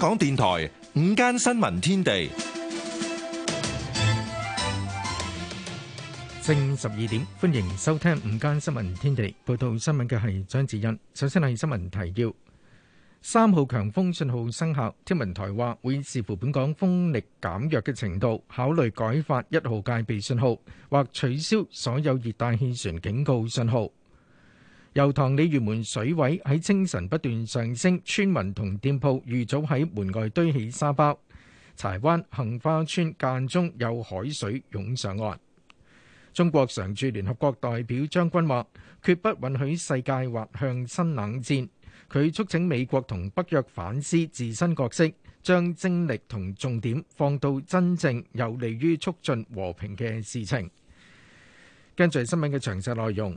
港電台午間新聞天地，正十二點，歡迎收聽午間新聞天地。報道新聞嘅係張智欣。首先係新聞提要：三號強風信號生效，天文台話會視乎本港風力減弱嘅程度，考慮改發一號戒備信號，或取消所有熱帶氣旋警告信號。油塘鯉魚門水位喺清晨不斷上升，村民同店鋪預早喺門外堆起沙包。柴灣杏花村間中有海水湧上岸。中國常駐聯合國代表張軍話：決不允許世界滑向新冷戰。佢促請美國同北約反思自身角色，將精力同重點放到真正有利於促進和平嘅事情。跟住新聞嘅詳細內容。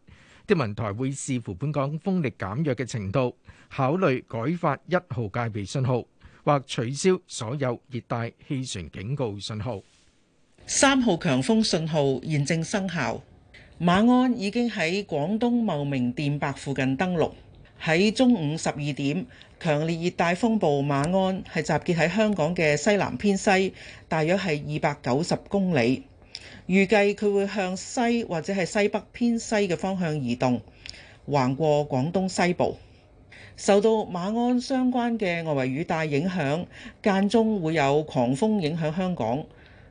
天文台會視乎本港風力減弱嘅程度，考慮改發一號戒備信號，或取消所有熱帶氣旋警告信號。三號強風信號現正生效，馬鞍已經喺廣東茂名電白附近登陸。喺中午十二點，強烈熱帶風暴馬鞍係集結喺香港嘅西南偏西，大約係二百九十公里。預計佢會向西或者係西北偏西嘅方向移動，橫過廣東西部，受到馬鞍相關嘅外圍雨帶影響，間中會有狂風影響香港。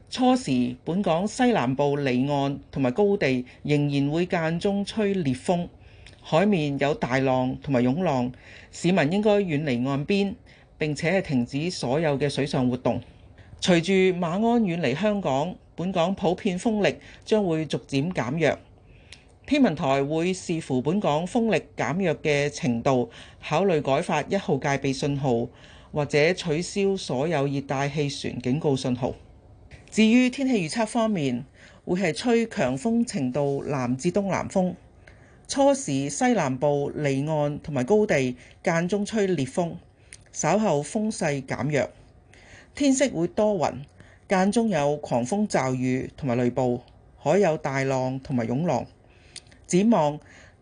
初時本港西南部離岸同埋高地仍然會間中吹烈風，海面有大浪同埋湧浪，市民應該遠離岸邊，並且係停止所有嘅水上活動。隨住馬鞍遠離香港，本港普遍風力將會逐漸減弱，天文台會視乎本港風力減弱嘅程度，考慮改發一號戒備信號，或者取消所有熱帶氣旋警告信號。至於天氣預測方面，會係吹強風程度南至東南風，初時西南部離岸同埋高地間中吹烈風，稍後風勢減弱，天色會多雲。間中有狂風驟雨同埋雷暴，海有大浪同埋湧浪。展望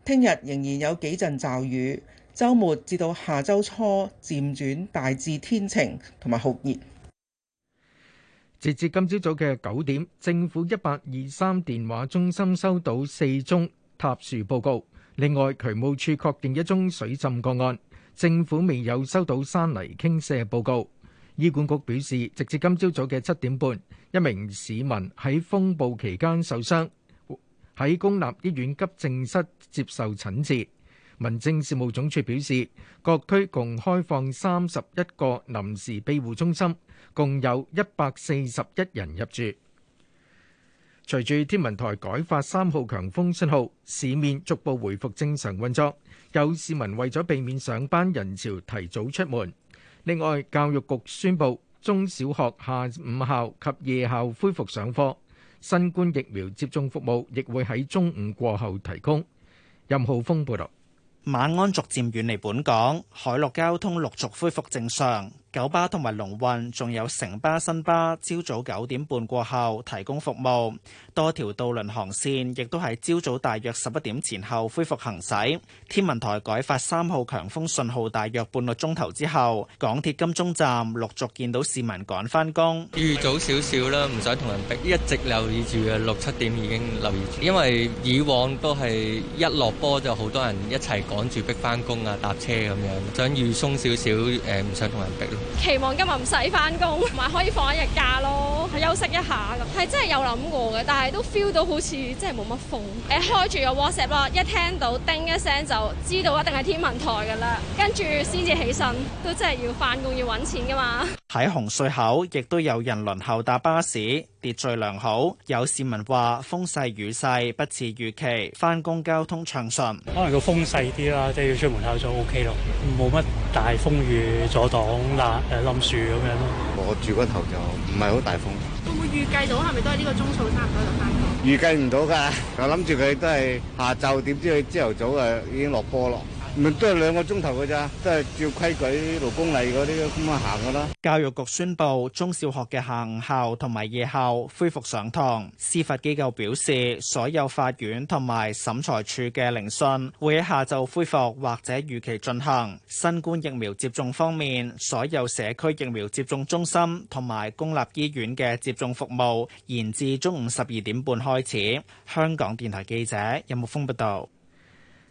聽日仍然有幾陣驟雨，周末至到下周初漸轉大致天晴同埋酷熱。截至今朝早嘅九點，政府一八二三電話中心收到四宗塌樹報告，另外渠務處確定一宗水浸個案，政府未有收到山泥傾瀉報告。醫管局表示，直至今朝早嘅七點半，一名市民喺風暴期間受傷，喺公立醫院急症室接受診治。民政事務總署表示，各區共開放三十一個臨時庇護中心，共有一百四十一人入住。隨住天文台改發三號強風信號，市面逐步回復正常運作，有市民為咗避免上班人潮提早出門。另外，教育局宣布中小學下午校及夜校恢復上課，新冠疫苗接種服務亦會喺中午過後提供。任浩峰報道。馬鞍逐漸遠離本港，海陸交通陸續恢復正常。九巴同埋龍運，仲有城巴、新巴，朝早九點半過後提供服務。多條渡輪航線亦都係朝早大約十一點前後恢復行駛。天文台改發三號強風信號大約半個鐘頭之後，港鐵金鐘站陸續見到市民趕翻工。預早少少啦，唔想同人逼，一直留意住嘅六七點已經留意住。因為以往都係一落波就好多人一齊趕住逼翻工啊，搭車咁樣，想預鬆少少，誒，唔想同人逼。期望今日唔使翻工，同埋 可以放一日假咯，休息一下咁。係真係有諗過嘅，但係都 feel 到好似真係冇乜風。誒，開住個 WhatsApp 咯，一聽到叮一聲就知道一定係天文台噶啦，跟住先至起身。都真係要翻工要搵錢噶嘛。喺洪水口亦都有人輪候搭巴士。秩序良好，有市民話風勢雨勢不似預期，翻工交通暢順。可能個風細啲啦，即係要出門口就 O K 咯，冇乜大風雨阻擋，冧誒冧樹咁樣咯。我住嗰頭就唔係好大風。會唔會預計到係咪都係呢個鐘數差唔多就翻工？預計唔到噶，我諗住佢都係下晝，點知佢朝頭早誒已經落波咯。都係兩個鐘頭嘅咋，都係照規矩勞工例嗰啲咁啊行嘅啦。教育局宣布中小學嘅下午校同埋夜校恢復上堂。司法機構表示，所有法院同埋審裁處嘅聆訊會喺下晝恢復或者預期進行。新冠疫苗接種方面，所有社區疫苗接種中心同埋公立醫院嘅接種服務延至中午十二點半開始。香港電台記者任木峰報道。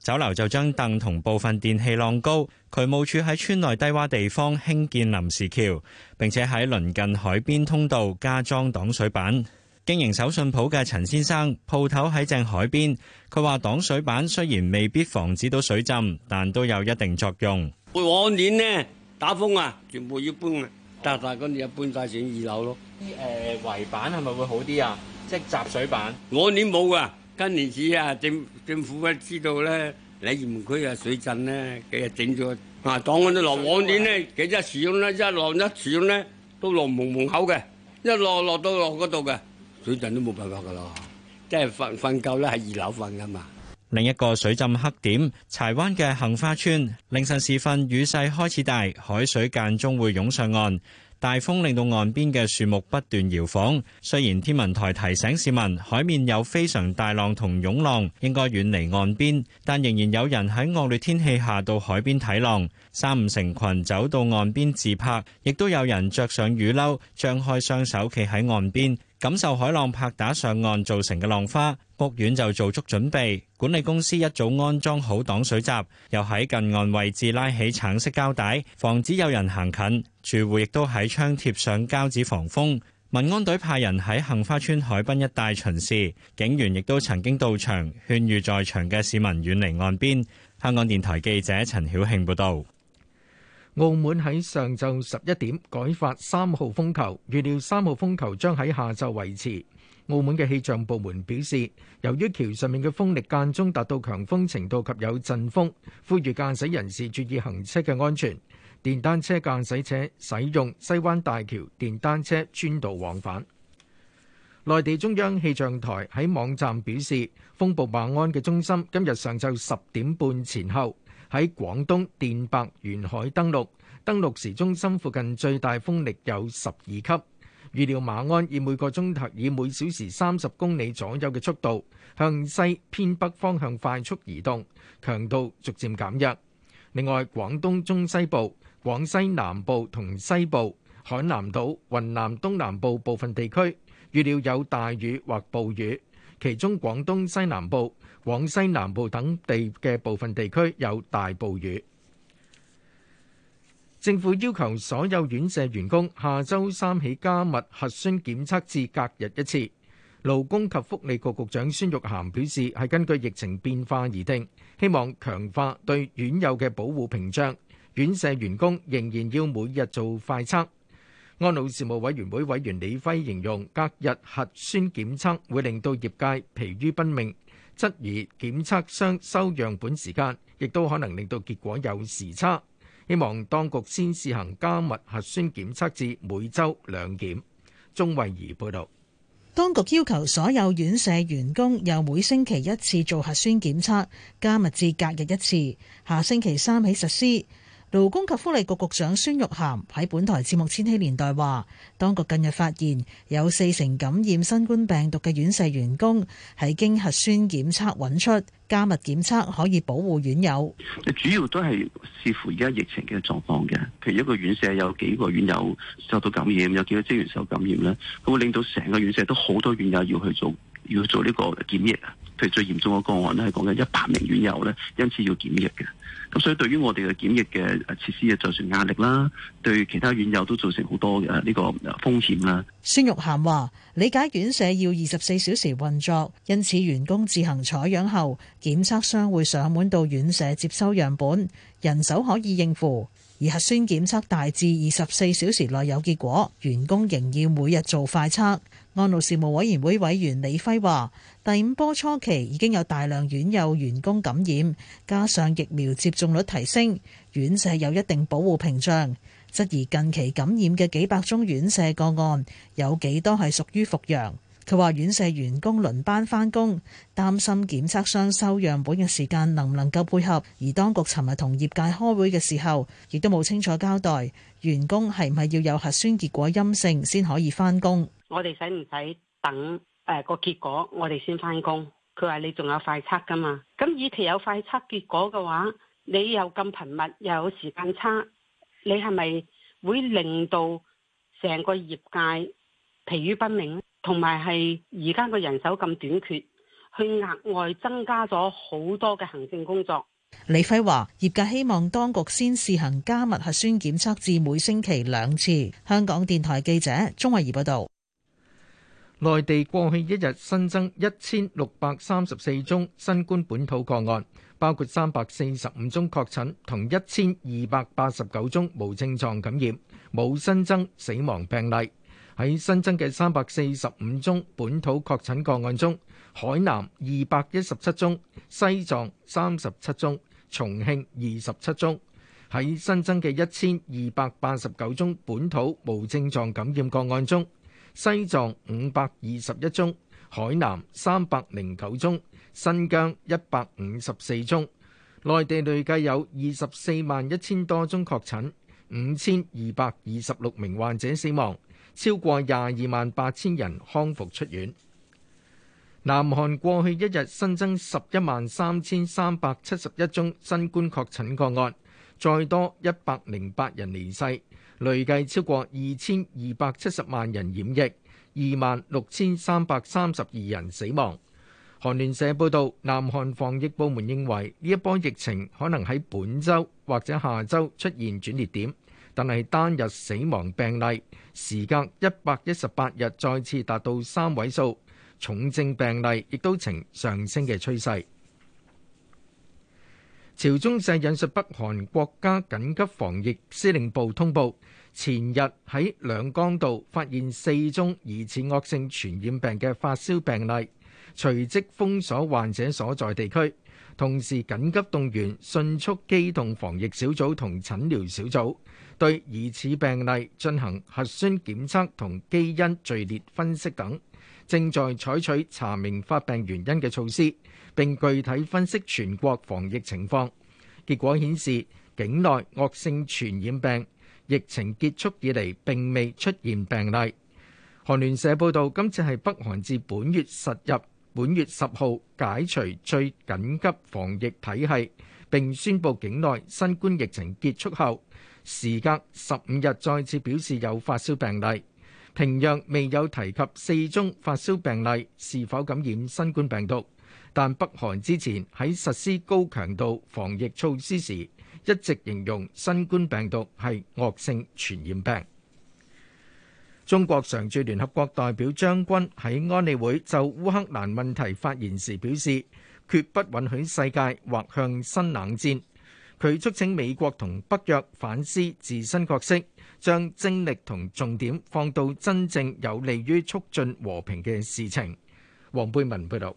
酒樓就將凳同部分電器晾高，渠務處喺村內低洼地方興建臨時橋，並且喺鄰近海邊通道加裝擋水板。經營手信鋪嘅陳先生，鋪頭喺正海邊，佢話擋水板雖然未必防止到水浸，但都有一定作用。我往年呢打風啊，全部要搬啊，但係嗰年又搬晒上二樓咯。啲誒圍板係咪會好啲啊？即係集水板。我往年冇噶。今年子啊，政政府啊知道咧，喺鯉魚門區啊水浸咧，幾日整咗啊，檔案都落。往年咧，佢一始終咧一落一始終咧都落門門口嘅，一落落到落嗰度嘅水浸都冇辦法噶咯，即係瞓瞓覺咧喺二樓瞓噶嘛。另一個水浸黑點，柴灣嘅杏花村，凌晨時分雨勢開始大，海水間中會湧上岸。大風令到岸邊嘅樹木不斷搖晃，雖然天文台提醒市民海面有非常大浪同湧浪，應該遠離岸邊，但仍然有人喺惡劣天氣下到海邊睇浪，三五成群走到岸邊自拍，亦都有人着上雨褸，張開雙手企喺岸邊。感受海浪拍打上岸造成嘅浪花，屋苑就做足準備。管理公司一早安裝好擋水閘，又喺近岸位置拉起橙色膠帶，防止有人行近。住戶亦都喺窗貼上膠紙防風。民安隊派人喺杏花村海濱一帶巡視，警員亦都曾經到場勸喻在場嘅市民遠離岸邊。香港電台記者陳曉慶報道。澳門喺上晝十一點改發三號風球，預料三號風球將喺下晝維持。澳門嘅氣象部門表示，由於橋上面嘅風力間中達到強風程度及有陣風，呼籲駕駛人士注意行車嘅安全。電單車駕駛者使用西灣大橋電單車專道往返。內地中央氣象台喺網站表示，風暴馬鞍嘅中心今日上晝十點半前後。喺廣東電白沿海登陸，登陸時中心附近最大風力有十二級。預料馬鞍以每個鐘頭以每小時三十公里左右嘅速度向西偏北方向快速移動，強度逐漸減弱。另外，廣東中西部、廣西南部同西部、海南島、雲南東南部部分地區預料有大雨或暴雨。其中廣東西南部、廣西南部等地嘅部分地區有大暴雨。政府要求所有院舍員工下週三起加密核酸檢測至隔日一次。勞工及福利局局長孫玉菡表示，係根據疫情變化而定，希望強化對院友嘅保護屏障。院舍員工仍然要每日做快測。安老事務委員會委員李輝形容隔日核酸檢測會令到業界疲於奔命，質疑檢測商收樣本時間，亦都可能令到結果有時差。希望當局先試行加密核酸檢測至每週兩檢。鍾慧儀報導，當局要求所有院舍員工由每星期一次做核酸檢測，加密至隔日一次，下星期三起實施。勞工及福利局局長孫玉菡喺本台節目《千禧年代》話，當局近日發現有四成感染新冠病毒嘅院舍員工係經核酸檢測揾出，加密檢測可以保護院友。主要都係視乎而家疫情嘅狀況嘅，譬如一個院舍有幾個院友受到感染，有幾多職員受感染咧，佢會令到成個院舍都好多院友要去做，要做呢個檢疫啊。譬如最嚴重嘅個案咧，係講緊一百名院友咧，因此要檢疫嘅。咁所以對於我哋嘅檢疫嘅設施嘅，造成壓力啦，對其他院友都造成好多嘅呢個風險啦。孫玉菡話理解院舍要二十四小時運作，因此員工自行採樣後檢測商會上門到院舍接收樣本，人手可以應付。而核酸檢測大致二十四小時內有結果，員工仍要每日做快測。安路事務委員會委員李輝話：第五波初期已經有大量院友員工感染，加上疫苗接種率提升，院舍有一定保護屏障。質疑近期感染嘅幾百宗院舍個案，有幾多係屬於服陽？佢話院舍員工輪班返工，擔心檢測商收樣本嘅時間能唔能夠配合。而當局尋日同業界開會嘅時候，亦都冇清楚交代員工係唔係要有核酸結果陰性先可以返工。我哋使唔使等誒個結果？我哋先翻工。佢話你仲有快測噶嘛？咁與其有快測結果嘅話，你又咁頻密，又有時間差，你係咪會令到成個業界疲於奔命同埋係而家個人手咁短缺，去額外增加咗好多嘅行政工作。李輝話：業界希望當局先試行加密核酸檢測至每星期兩次。香港電台記者鍾慧儀報道。內地過去一日新增一千六百三十四宗新冠本土個案，包括三百四十五宗確診同一千二百八十九宗無症狀感染，冇新增死亡病例。喺新增嘅三百四十五宗本土確診個案中，海南二百一十七宗，西藏三十七宗，重慶二十七宗。喺新增嘅一千二百八十九宗本土無症狀感染個案中，西藏五百二十一宗，海南三百零九宗，新疆一百五十四宗，內地累計有二十四萬一千多宗確診，五千二百二十六名患者死亡，超過廿二萬八千人康復出院。南韓過去一日新增十一萬三千三百七十一宗新冠確診個案，再多一百零八人離世。累計超過二千二百七十萬人染疫，二萬六千三百三十二人死亡。韓聯社報道，南韓防疫部門認為呢一波疫情可能喺本周或者下周出現轉捩點，但係單日死亡病例時隔一百一十八日再次達到三位數，重症病例亦都呈上升嘅趨勢。朝中社引述北韓國家緊急防疫司令部通報，前日喺兩江道發現四宗疑似惡性傳染病嘅發燒病例，隨即封鎖患者所在地區，同時緊急動員迅速機動防疫小組同診療小組，對疑似病例進行核酸檢測同基因序列分析等。正在採取查明發病原因嘅措施，並具體分析全國防疫情況。結果顯示，境內惡性傳染病疫情結束以嚟並未出現病例。韓聯社報道，今次係北韓自本月實入本月十號解除最緊急防疫體系，並宣布境內新冠疫情結束後，時隔十五日再次表示有發燒病例。平壤未有提及四宗發燒病例是否感染新冠病毒，但北韓之前喺實施高強度防疫措施時，一直形容新冠病毒係惡性傳染病。中國常駐聯合國代表張軍喺安理會就烏克蘭問題發言時表示，決不允許世界或向新冷戰。佢促請美國同北約反思自身角色，將精力同重點放到真正有利於促進和平嘅事情。黃貝文報導，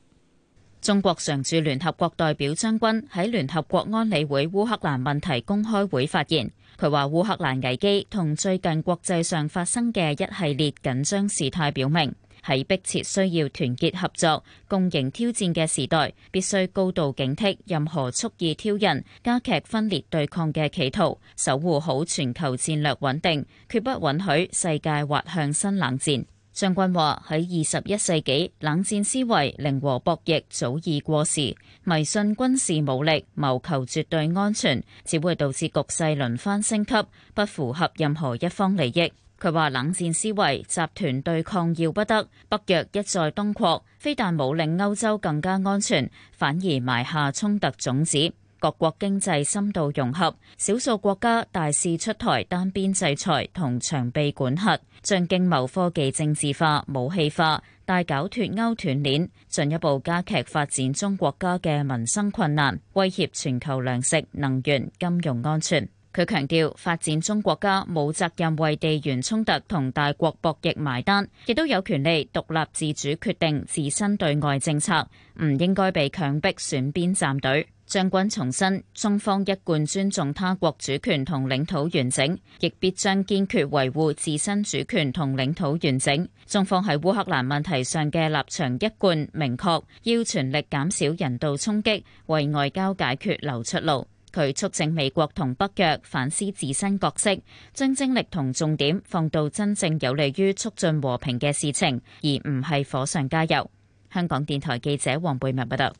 中國常駐聯合國代表張軍喺聯合國安理會烏克蘭問題公開會發言，佢話烏克蘭危機同最近國際上發生嘅一系列緊張事態表明。喺迫切需要團結合作、共迎挑戰嘅時代，必須高度警惕任何蓄意挑釁、加劇分裂對抗嘅企圖，守護好全球戰略穩定，決不允許世界滑向新冷戰。張軍話喺二十一世紀，冷戰思維零和博弈早已過時，迷信軍事武力、謀求絕對安全，只會導致局勢輪番升級，不符合任何一方利益。佢話：冷戰思維、集團對抗要不得。北約一再東擴，非但冇令歐洲更加安全，反而埋下衝突種子。各國經濟深度融合，少數國家大肆出台單邊制裁同長臂管轄，將經貿科技政治化、武器化，大搞脱歐斷鏈，進一步加劇發展中國家嘅民生困難，威脅全球糧食、能源、金融安全。佢強調，發展中國家冇責任為地緣衝突同大國博弈埋單，亦都有權利獨立自主決定自身對外政策，唔應該被強迫選邊站隊。將軍重申，中方一貫尊重他國主權同領土完整，亦必將堅決維護自身主權同領土完整。中方喺烏克蘭問題上嘅立場一貫明確，要全力減少人道衝擊，為外交解決留出路。佢促請美國同北約反思自身角色，將精力同重點放到真正有利於促進和平嘅事情，而唔係火上加油。香港電台記者黃貝文報道。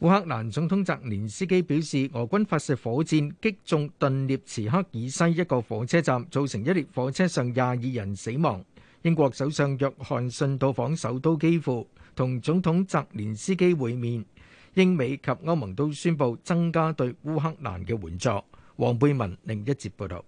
烏克蘭總統澤連斯基表示，俄軍發射火箭擊中頓涅茨克以西一個火車站，造成一列火車上廿二人死亡。英國首相約翰遜到訪首都基輔，同總統澤連斯基會面。英美及歐盟都宣布增加對烏克蘭嘅援助。黃貝文另一節報道，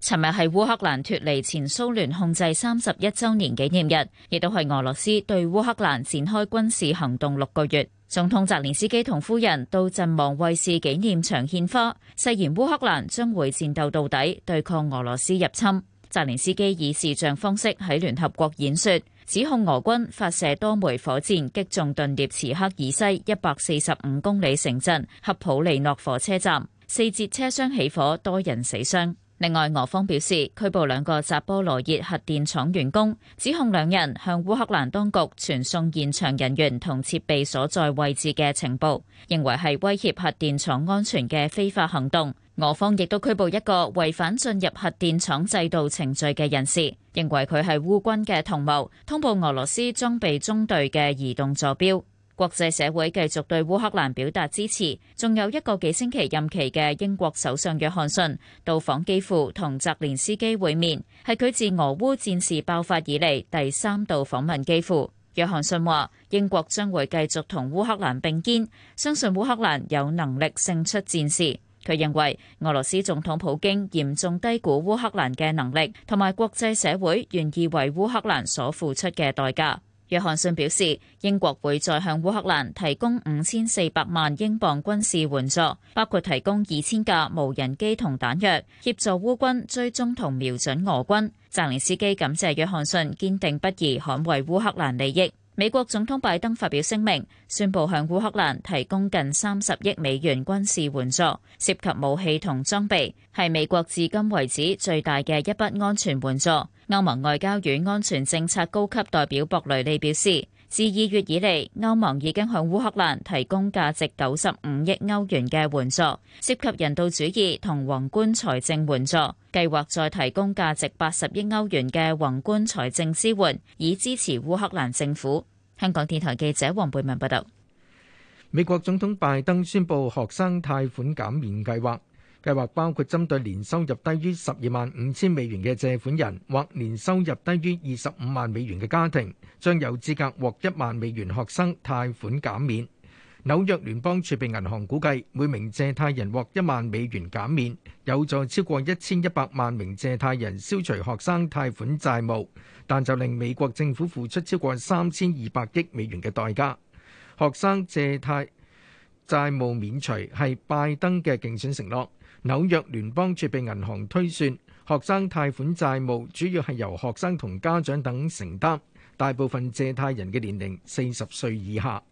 尋日係烏克蘭脱離前蘇聯控制三十一週年紀念日，亦都係俄羅斯對烏克蘭展開軍事行動六個月。總統澤連斯基同夫人到陣亡衛士紀念場獻花，誓言烏克蘭將會戰鬥到底，對抗俄羅斯入侵。澤連斯基以視像方式喺聯合國演說。指控俄軍發射多枚火箭，擊中頓涅茨克以西一百四十五公里城鎮恰普利諾火車站，四節車廂起火，多人死傷。另外，俄方表示拘捕兩個扎波羅熱核電廠員工，指控兩人向烏克蘭當局傳送現場人員同設備所在位置嘅情報，認為係威脅核電廠安全嘅非法行動。俄方亦都拘捕一個違反進入核電廠制度程序嘅人士，認為佢係烏軍嘅同謀，通報俄羅斯裝備中隊嘅移動坐標。國際社會繼續對烏克蘭表達支持。仲有一個幾星期任期嘅英國首相約翰遜到訪基輔同澤連斯基會面，係佢自俄烏戰事爆發以嚟第三度訪問基輔。約翰遜話：英國將會繼續同烏克蘭並肩，相信烏克蘭有能力勝出戰事。佢認為俄羅斯總統普京嚴重低估烏克蘭嘅能力，同埋國際社會願意為烏克蘭所付出嘅代價。約翰遜表示，英國會再向烏克蘭提供五千四百萬英鎊軍事援助，包括提供二千架無人機同彈藥，協助烏軍追蹤同瞄準俄軍。澤連斯基感謝約翰遜堅定不移捍衛烏克蘭利益。美國總統拜登發表聲明，宣布向烏克蘭提供近三十億美元軍事援助，涉及武器同裝備，係美國至今為止最大嘅一筆安全援助。歐盟外交與安全政策高級代表博雷利表示。自二月以嚟，歐盟已經向烏克蘭提供價值九十五億歐元嘅援助，涉及人道主義同宏觀財政援助。計劃再提供價值八十億歐元嘅宏觀財政支援，以支持烏克蘭政府。香港電台記者黃貝文報道。美國總統拜登宣布學生貸款減免計劃。計劃包括針對年收入低於十二萬五千美元嘅借款人，或年收入低於二十五萬美元嘅家庭，將有資格獲一萬美元學生貸款減免。紐約聯邦儲備銀行估計，每名借貸人獲一萬美元減免，有助超過一千一百萬名借貸人消除學生貸款債務，但就令美國政府付出超過三千二百億美元嘅代價。學生借貸債務免除係拜登嘅競選承諾。紐約聯邦儲備銀行推算，學生貸款債務主要係由學生同家長等承擔，大部分借貸人嘅年齡四十歲以下。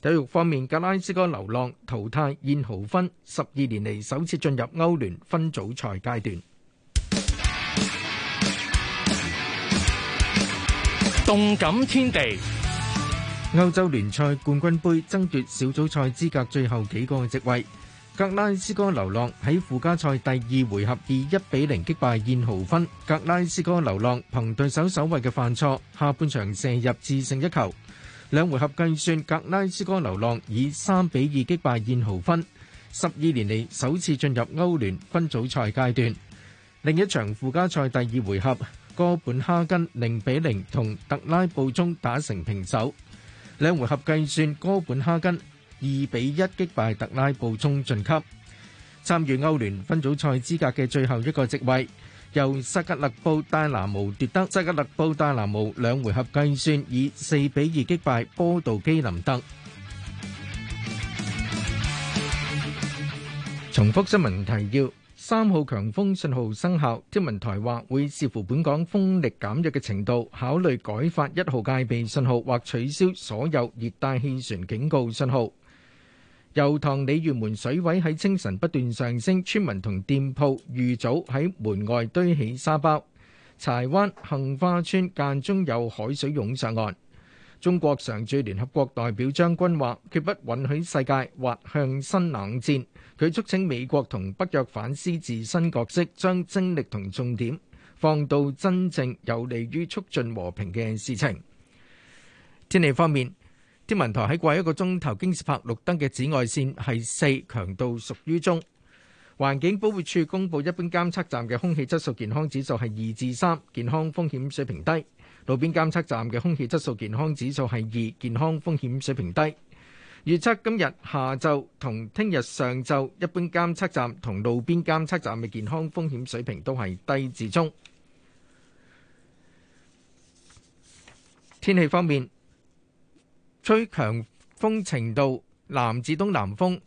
體育方面，格拉斯哥流浪淘汰燕豪芬，十二年嚟首次進入歐聯分組賽階段。動感天地，歐洲聯賽冠軍杯爭奪小組賽資格最後幾個席位。格拉斯哥流浪喺附加賽第二回合以一比零擊敗燕豪芬。格拉斯哥流浪憑對手守衛嘅犯錯，下半場射入致勝一球。兩回合計算，格拉斯哥流浪以三比二擊敗燕豪芬，十二年嚟首次進入歐聯分組賽階段。另一場附加賽第二回合，哥本哈根零比零同特拉布宗打成平手。兩回合計算，哥本哈根，二比一擊敗特拉布宗晉級，參與歐聯分組賽資格嘅最後一個席位由塞格勒布戴拿姆奪得。塞格勒布戴拿姆兩回合計算以四比二擊敗波杜基林德。重複新聞提要：三號強風信號生效，天文台話會視乎本港風力減弱嘅程度，考慮改發一號戒備信號或取消所有熱帶氣旋警告信號。油塘鯉魚門水位喺清晨不斷上升，村民同店鋪預早喺門外堆起沙包。柴灣杏花村間中有海水湧上岸。中國常駐聯合國代表張軍話：決不允許世界滑向新冷戰。佢促請美國同北約反思自身角色，將精力同重點放到真正有利於促進和平嘅事情。天氣方面。天文台喺過一個鐘頭，經拍綠燈嘅紫外線係四，強度屬於中。環境保護署公布一般監測站嘅空氣質素健康指數係二至三，健康風險水平低。路邊監測站嘅空氣質素健康指數係二，健康風險水平低。預測今日下晝同聽日上晝，一般監測站同路邊監測站嘅健康風險水平都係低至中。天氣方面。吹強風程度南至東南風，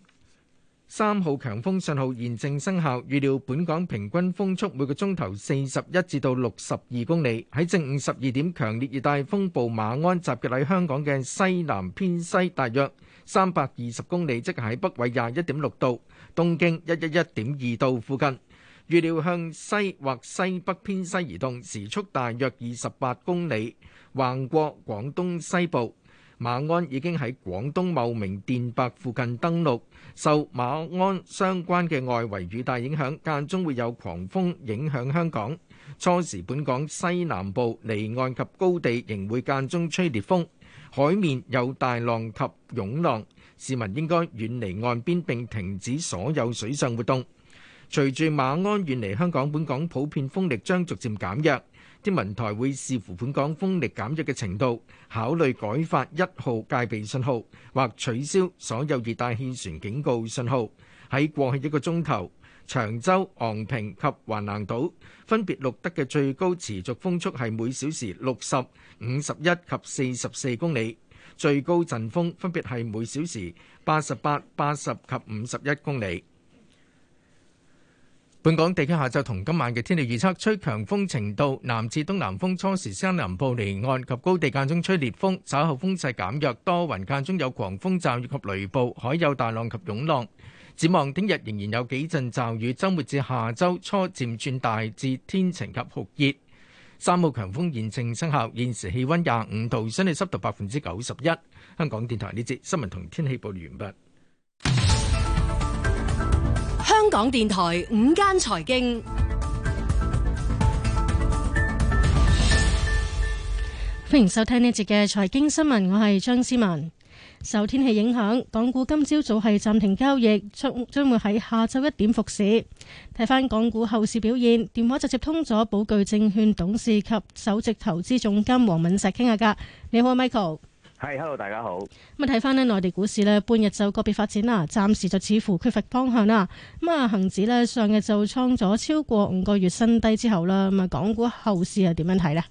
三號強風信號現正生效。預料本港平均風速每個鐘頭四十一至到六十二公里。喺正午十二點，強烈熱帶風暴馬鞍集結喺香港嘅西南偏西，大約三百二十公里，即係北緯廿一點六度、東經一一一點二度附近。預料向西或西北偏西移動，時速大約二十八公里，橫過廣東西部。馬鞍已經喺廣東茂名電白附近登陸，受馬鞍相關嘅外圍雨帶影響，間中會有狂風影響香港。初時本港西南部離岸及高地仍會間中吹烈風，海面有大浪及湧浪，市民應該遠離岸邊並停止所有水上活動。隨住馬鞍遠離香港，本港普遍風力將逐漸減弱。天文台會視乎本港風力減弱嘅程度，考慮改發一號戒備信號，或取消所有熱帶氣旋警告信號。喺過去一個鐘頭，長洲、昂坪及橫瀾島分別錄得嘅最高持續風速係每小時六十、五十一及四十四公里，最高陣風分別係每小時八十八、八十及五十一公里。本港地區下晝同今晚嘅天氣預測，吹強風程度南至東南風，初時西南部離岸及高地間中吹烈風，稍後風勢減弱多，多雲間中有狂風驟雨及雷暴，海有大浪及湧浪。展望聽日仍然有幾陣驟雨，週末至下週初漸轉大致天晴及酷熱。三號強風現正生效，現時氣温廿五度，相對濕度百分之九十一。香港電台呢節新聞同天氣報完畢。港電台午間財經，歡迎收聽呢節嘅財經新聞。我係張思文。受天氣影響，港股今朝早係暫停交易，將將會喺下晝一點復市。睇返港股後市表現，電話就接通咗寶钜證券董事及首席投資總監黃敏石傾下㗎。你好，Michael。Hey, hello, 大家好。咁啊，睇翻呢內地股市呢，半日就個別發展啦，暫時就似乎缺乏方向啦。咁啊，恒指呢，上日就創咗超過五個月新低之後啦，咁啊，港股後市係點樣睇呢？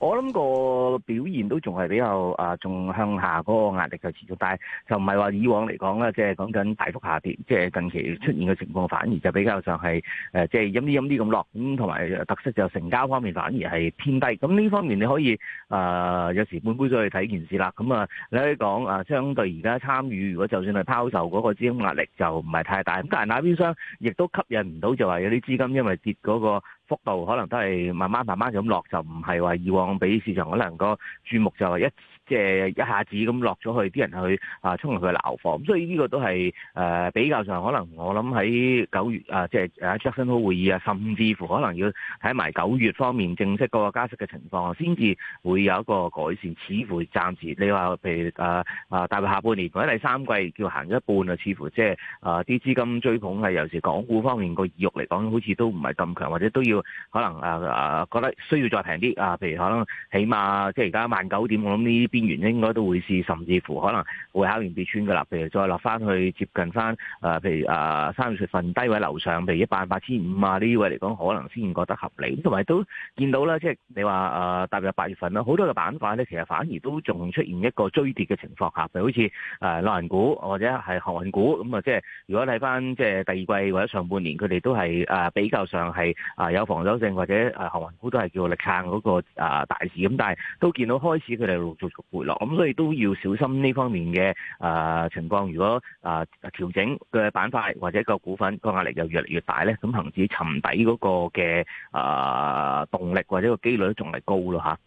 我諗個表現都仲係比較啊，仲、呃、向下嗰個壓力就持續，但係就唔係話以往嚟講咧，即係講緊大幅下跌。即、就、係、是、近期出現嘅情況，反而就比較上係誒，即、呃、係、就是、陰啲陰啲咁落，咁同埋特色就成交方面反而係偏低。咁呢方面你可以啊、呃，有時半杯水去睇件事啦。咁啊，你可以講啊，相對而家參與，如果就算係拋售嗰個資金壓力就唔係太大。咁但係買盤商亦都吸引唔到，就係有啲資金因為跌嗰、那個。幅度可能都係慢慢慢慢咁落，就唔係話以往俾市場可能個注目就係一。即係一下子咁落咗去，啲人去啊衝入去樓房，咁所以呢個都係誒比較上可能我諗喺九月啊，即、就、係、是、啊 Jackson 嗰個會議啊，甚至乎可能要睇埋九月方面正式嗰個加息嘅情況，先至會有一個改善。似乎暫時你話譬如啊啊，踏入下半年，而家第三季叫行咗一半啊，似乎即係啊啲資金追捧尤其港股方面個意欲嚟講，好似都唔係咁強，或者都要可能啊啊、呃呃、覺得需要再平啲啊，譬、呃、如可能起碼即係而家萬九點，我諗呢邊。源應該都會試，甚至乎可能會考完跌穿嘅啦。譬如再落翻去接近翻誒，譬、呃、如誒、呃、三月份低位樓上，譬如一萬八千五啊呢啲位嚟講，可能先覺得合理。同埋都見到啦，即、就、係、是、你話誒踏入八月份啦，好多嘅板塊咧，其實反而都仲出現一個追跌嘅情況吓，譬如好似誒內銀股或者係航運股咁啊，即係如果睇翻即係第二季或者，或者，或者上半年，佢哋都係誒、呃、比較上係啊有防守性或者誒航運股都係叫力撐嗰個、呃、大市咁，但係都見到開始佢哋陸續。回落咁，所以都要小心呢方面嘅啊情況。如果啊調整嘅板塊或者個股份個壓力又越嚟越大咧，咁恒指沉底嗰個嘅啊、呃、動力或者幾、嗯、看看個機率仲係高咯吓，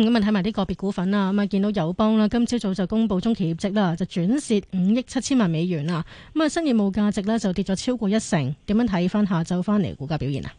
咁啊睇埋啲個別股份啊，咁啊見到友邦啦，今朝早就公布中期業績啦，就轉蝕五億七千萬美元啊。咁啊新業務價值咧就跌咗超過一成。點樣睇翻下晝翻嚟股價表現啊？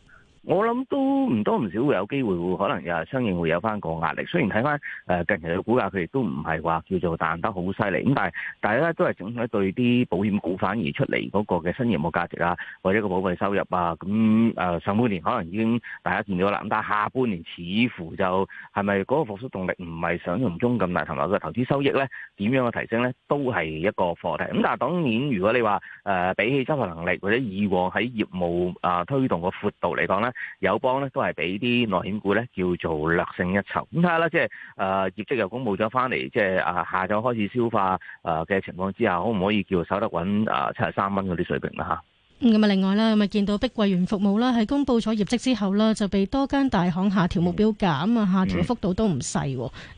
我諗都唔多唔少會有機會，會可能又係相應會有翻個壓力。雖然睇翻誒近期嘅股價，佢亦都唔係話叫做彈得好犀利。咁但係大家都係整體對啲保險股反而出嚟嗰個嘅新業務價值啊，或者個保費收入啊，咁誒、呃、上半年可能已經大家見到啦。咁但係下半年似乎就係咪嗰個復蘇動力唔係想象中咁大，同埋個投資收益咧點樣嘅提升咧，都係一個課題。咁但係當然，如果你話誒、呃、比起執行能力或者以往喺業務啊、呃、推動嘅闊度嚟講咧。友邦咧都係俾啲內險股咧叫做略勝一籌咁睇下啦，即係誒業績又公布咗翻嚟，即係啊下晝開始消化誒嘅、呃、情況之下，可唔可以叫守得穩啊七十三蚊嗰啲水平啦？吓咁啊，嗯、另外咧咁啊，見到碧桂園服務咧喺公布咗業績之後咧，就被多間大行下調目標價，咁啊、嗯、下調幅度都唔細、啊，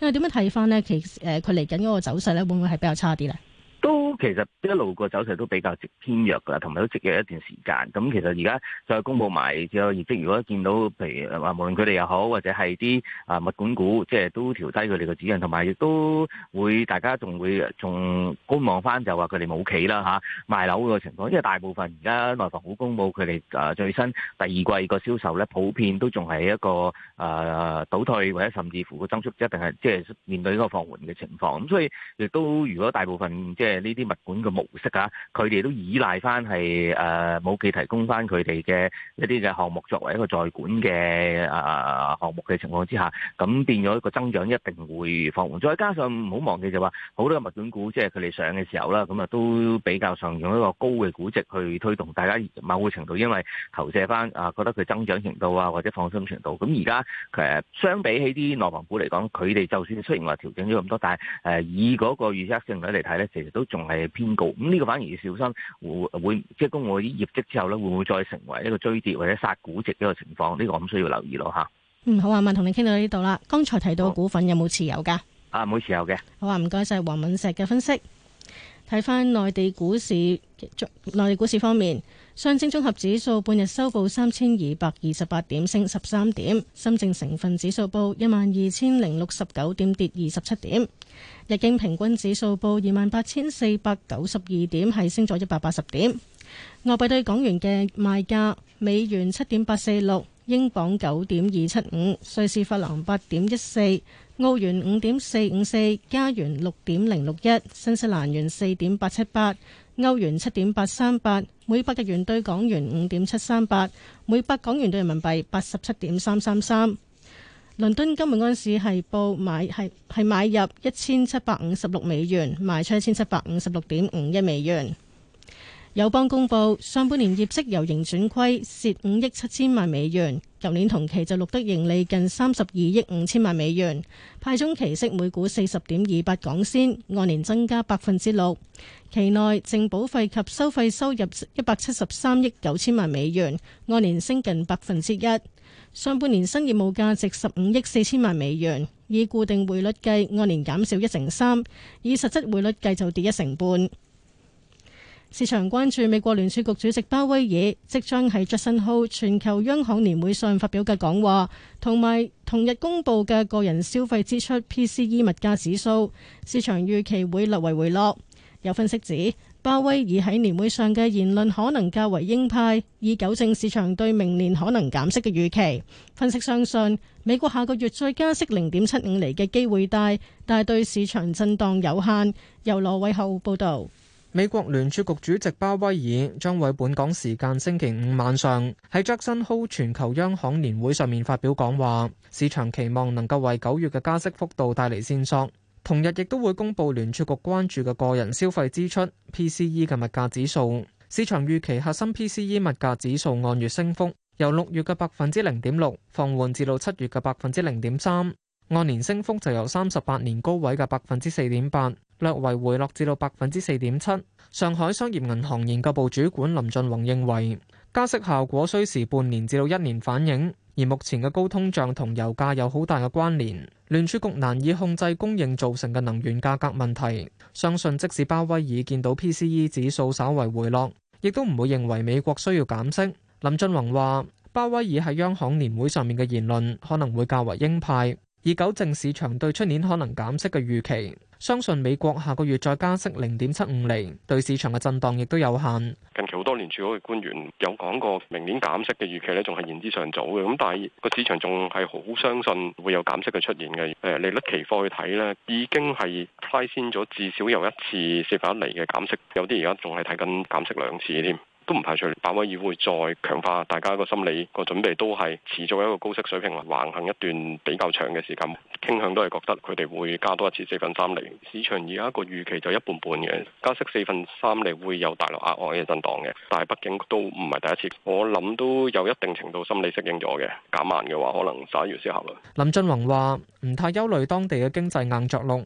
因為點樣睇翻咧？其實誒，佢嚟緊嗰個走勢咧，會唔會係比較差啲咧？都其實一路個走勢都比較偏弱㗎，同埋都積弱一段時間。咁其實而家再公佈埋隻個業績，如果見到譬如話無論佢哋又好，或者係啲啊物管股，即係都調低佢哋個指引，同埋亦都會大家仲會仲觀望翻，就話佢哋冇企啦嚇，賣樓個情況。因為大部分而家內房股公佈佢哋啊最新第二季個銷售咧，普遍都仲係一個啊、呃、倒退，或者甚至乎個增速一定係即係面對呢個放緩嘅情況。咁所以亦都如果大部分即係誒，呢啲物管嘅模式啊，佢哋都依賴翻係誒，冇、啊、企提供翻佢哋嘅一啲嘅項目，作為一個在管嘅啊項目嘅情況之下，咁變咗一個增長一定會放緩。再加上唔好忘記就話，好多嘅物管股即係佢哋上嘅時候啦，咁啊都比較常用一個高嘅估值去推動，大家某程度因為投射翻啊，覺得佢增長程度啊，或者放鬆程度。咁而家誒，相比起啲內房股嚟講，佢哋就算雖然話調整咗咁多，但係誒以嗰個預測性率嚟睇咧，其實都。仲係偏高，咁、這、呢個反而要小心會會即係公布啲業績之後咧，會唔會再成為一個追跌或者殺估值一個情況？呢、這個我唔需要留意咯吓。嗯，好啊，咁同你傾到呢度啦。剛才提到股份有冇持有噶？啊，冇持有嘅。好啊，唔該晒黃敏石嘅分析。睇翻內地股市，內地股市方面，上證綜合指數半日收報三千二百二十八點，升十三點；深證成分指數報一萬二千零六十九點，跌二十七點；日經平均指數報二萬八千四百九十二點，係升咗一百八十點。外幣對港元嘅賣價，美元七點八四六。英鎊九點二七五，瑞士法郎八點一四，澳元五點四五四，加元六點零六一，新西蘭元四點八七八，歐元七點八三八，每百日元兌港元五點七三八，每百港元兌人民幣八十七點三三三。倫敦金每安市係報買係係買入一千七百五十六美元，賣出一千七百五十六點五一美元。友邦公布上半年業績由盈轉虧，蝕五億七千萬美元。舊年同期就錄得盈利近三十二億五千萬美元。派中期息每股四十點二八港仙，按年增加百分之六。期內淨保費及收費收入一百七十三億九千萬美元，按年升近百分之一。上半年新業務價值十五億四千萬美元，以固定匯率計按年減少一成三，以實質匯率計就跌一成半。市場關注美國聯儲局主席鮑威爾即將喺傑克森霍爾全球央行年會上發表嘅講話，同埋同日公布嘅個人消費支出 PCE 物價指數，市場預期會略為回落。有分析指，鮑威爾喺年會上嘅言論可能較為鷹派，以糾正市場對明年可能減息嘅預期。分析相信，美國下個月再加息零點七五厘嘅機會大，但係對市場震盪有限。由羅偉浩報道。美國聯儲局主席巴威爾將喺本港時間星期五晚上喺 Jackson Hole 全球央行年會上面發表講話，市場期望能夠為九月嘅加息幅度帶嚟線索。同日亦都會公布聯儲局關注嘅個人消費支出 PCE 嘅物價指數，市場預期核心 PCE 物價指數按月升幅由六月嘅百分之零點六放緩至到七月嘅百分之零點三，按年升幅就由三十八年高位嘅百分之四點八，略為回落至到百分之四點七。上海商業銀行研究部主管林俊宏認為，加息效果需時半年至到一年反映，而目前嘅高通脹同油價有好大嘅關聯。聯儲局難以控制供應造成嘅能源價格問題，相信即使鮑威爾見到 PCE 指數稍為回落，亦都唔會認為美國需要減息。林俊宏話，鮑威爾喺央行年會上面嘅言論可能會較為鷹派，以糾正市場對出年可能減息嘅預期。相信美國下個月再加息零點七五厘，對市場嘅震盪亦都有限。近期好多年處嗰個官員有講過明年減息嘅預期咧，仲係言之尚早嘅。咁但係個市場仲係好相信會有減息嘅出現嘅。誒利率期貨去睇咧，已經係睇先咗至少有一次四分一厘嘅減息，有啲而家仲係睇緊減息兩次添。都唔排除鮑威爾會再強化大家個心理個準備，都係持續一個高息水平橫行一段比較長嘅時間，傾向都係覺得佢哋會加多一次四分三厘，市場而家個預期就一半半嘅，加息四分三厘會有大陸額外嘅震盪嘅，但係畢竟都唔係第一次。我諗都有一定程度心理適應咗嘅，減慢嘅話可能十一月先考慮。林俊宏話：唔太憂慮當地嘅經濟硬著陸。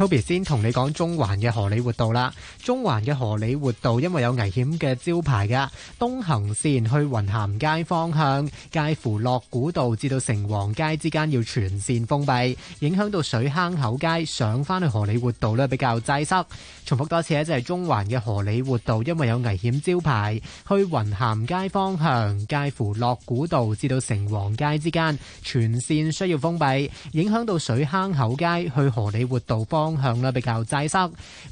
Toby 先同你講中環嘅荷李活道啦。中環嘅荷李活道因為有危險嘅招牌㗎，東行線去雲咸街方向，介乎樂古道至到城皇街之間要全線封閉，影響到水坑口街上返去荷李活道呢比較擠塞。重複多次呢，就係中環嘅荷李活道因為有危險招牌，去雲咸街方向，介乎樂古道至到城皇街之間全線需要封閉，影響到水坑口街去荷李活道方方向啦，比較擠塞。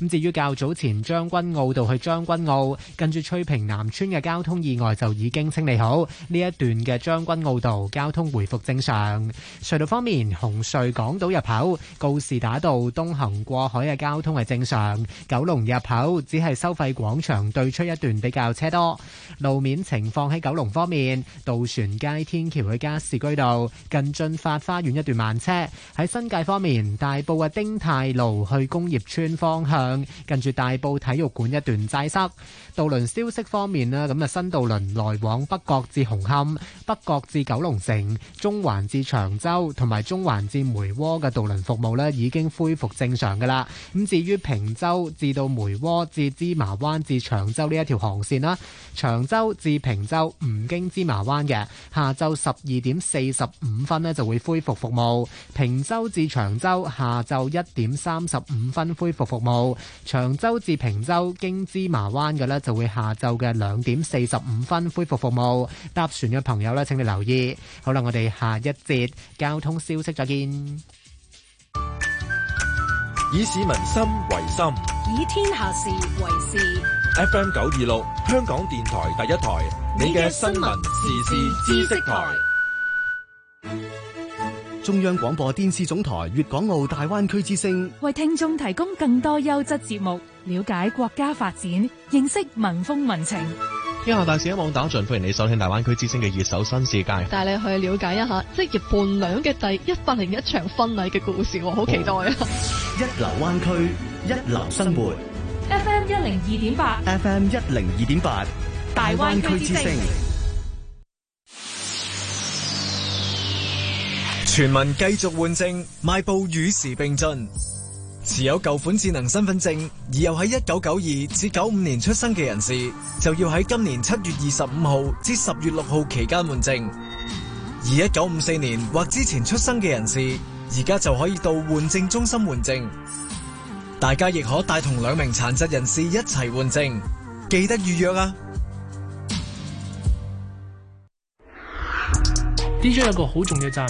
咁至於較早前將軍澳道去將軍澳，跟住翠屏南村嘅交通意外就已經清理好，呢一段嘅將軍澳道交通回復正常。隧道方面，紅隧港島入口告士打道東行過海嘅交通係正常。九龍入口只係收費廣場對出一段比較車多，路面情況喺九龍方面，渡船街天橋去加士居道近駿發花園一段慢車。喺新界方面，大埔嘅汀太路，去工業村方向，近住大埔體育館一段擠塞。渡輪消息方面咧，咁啊，新渡輪來往北角至紅磡、北角至九龍城、中環至長洲同埋中環至梅窩嘅渡輪服務咧已經恢復正常噶啦。咁至於坪洲至到梅窩至芝麻灣至長洲呢一條航線啦，長洲至坪洲唔經芝麻灣嘅，下晝十二點四十五分咧就會恢復服務。坪洲至長洲下晝一點三。三十五分恢復服務，長洲至平洲經芝麻灣嘅咧就會下晝嘅兩點四十五分恢復服務，搭船嘅朋友咧，請你留意。好啦，我哋下一節交通消息再見。以市民心為心，以天下事為事。FM 九二六，香港電台第一台，你嘅新聞時事知識台。中央廣播電視總台粵港澳大灣區之聲，為聽眾提供更多優質節目，了解國家發展，認識民風民情。天下大事一網打盡，歡迎你收聽大灣區之聲嘅熱搜新世界，帶你去了解一下職業伴娘嘅第一百零一場婚禮嘅故事，我好期待啊！嗯、 一流灣區，一流生活。一流生活 FM 一零二點八，FM 一零二點八，大灣區之聲。 全民繼續換證，邁步與時並進。持有舊款智能身份證而又喺一九九二至九五年出生嘅人士，就要喺今年七月二十五號至十月六號期間換證。而一九五四年或之前出生嘅人士，而家就可以到換證中心換證。大家亦可帶同兩名殘疾人士一齊換證，記得預約啊！DJ 有個好重要站。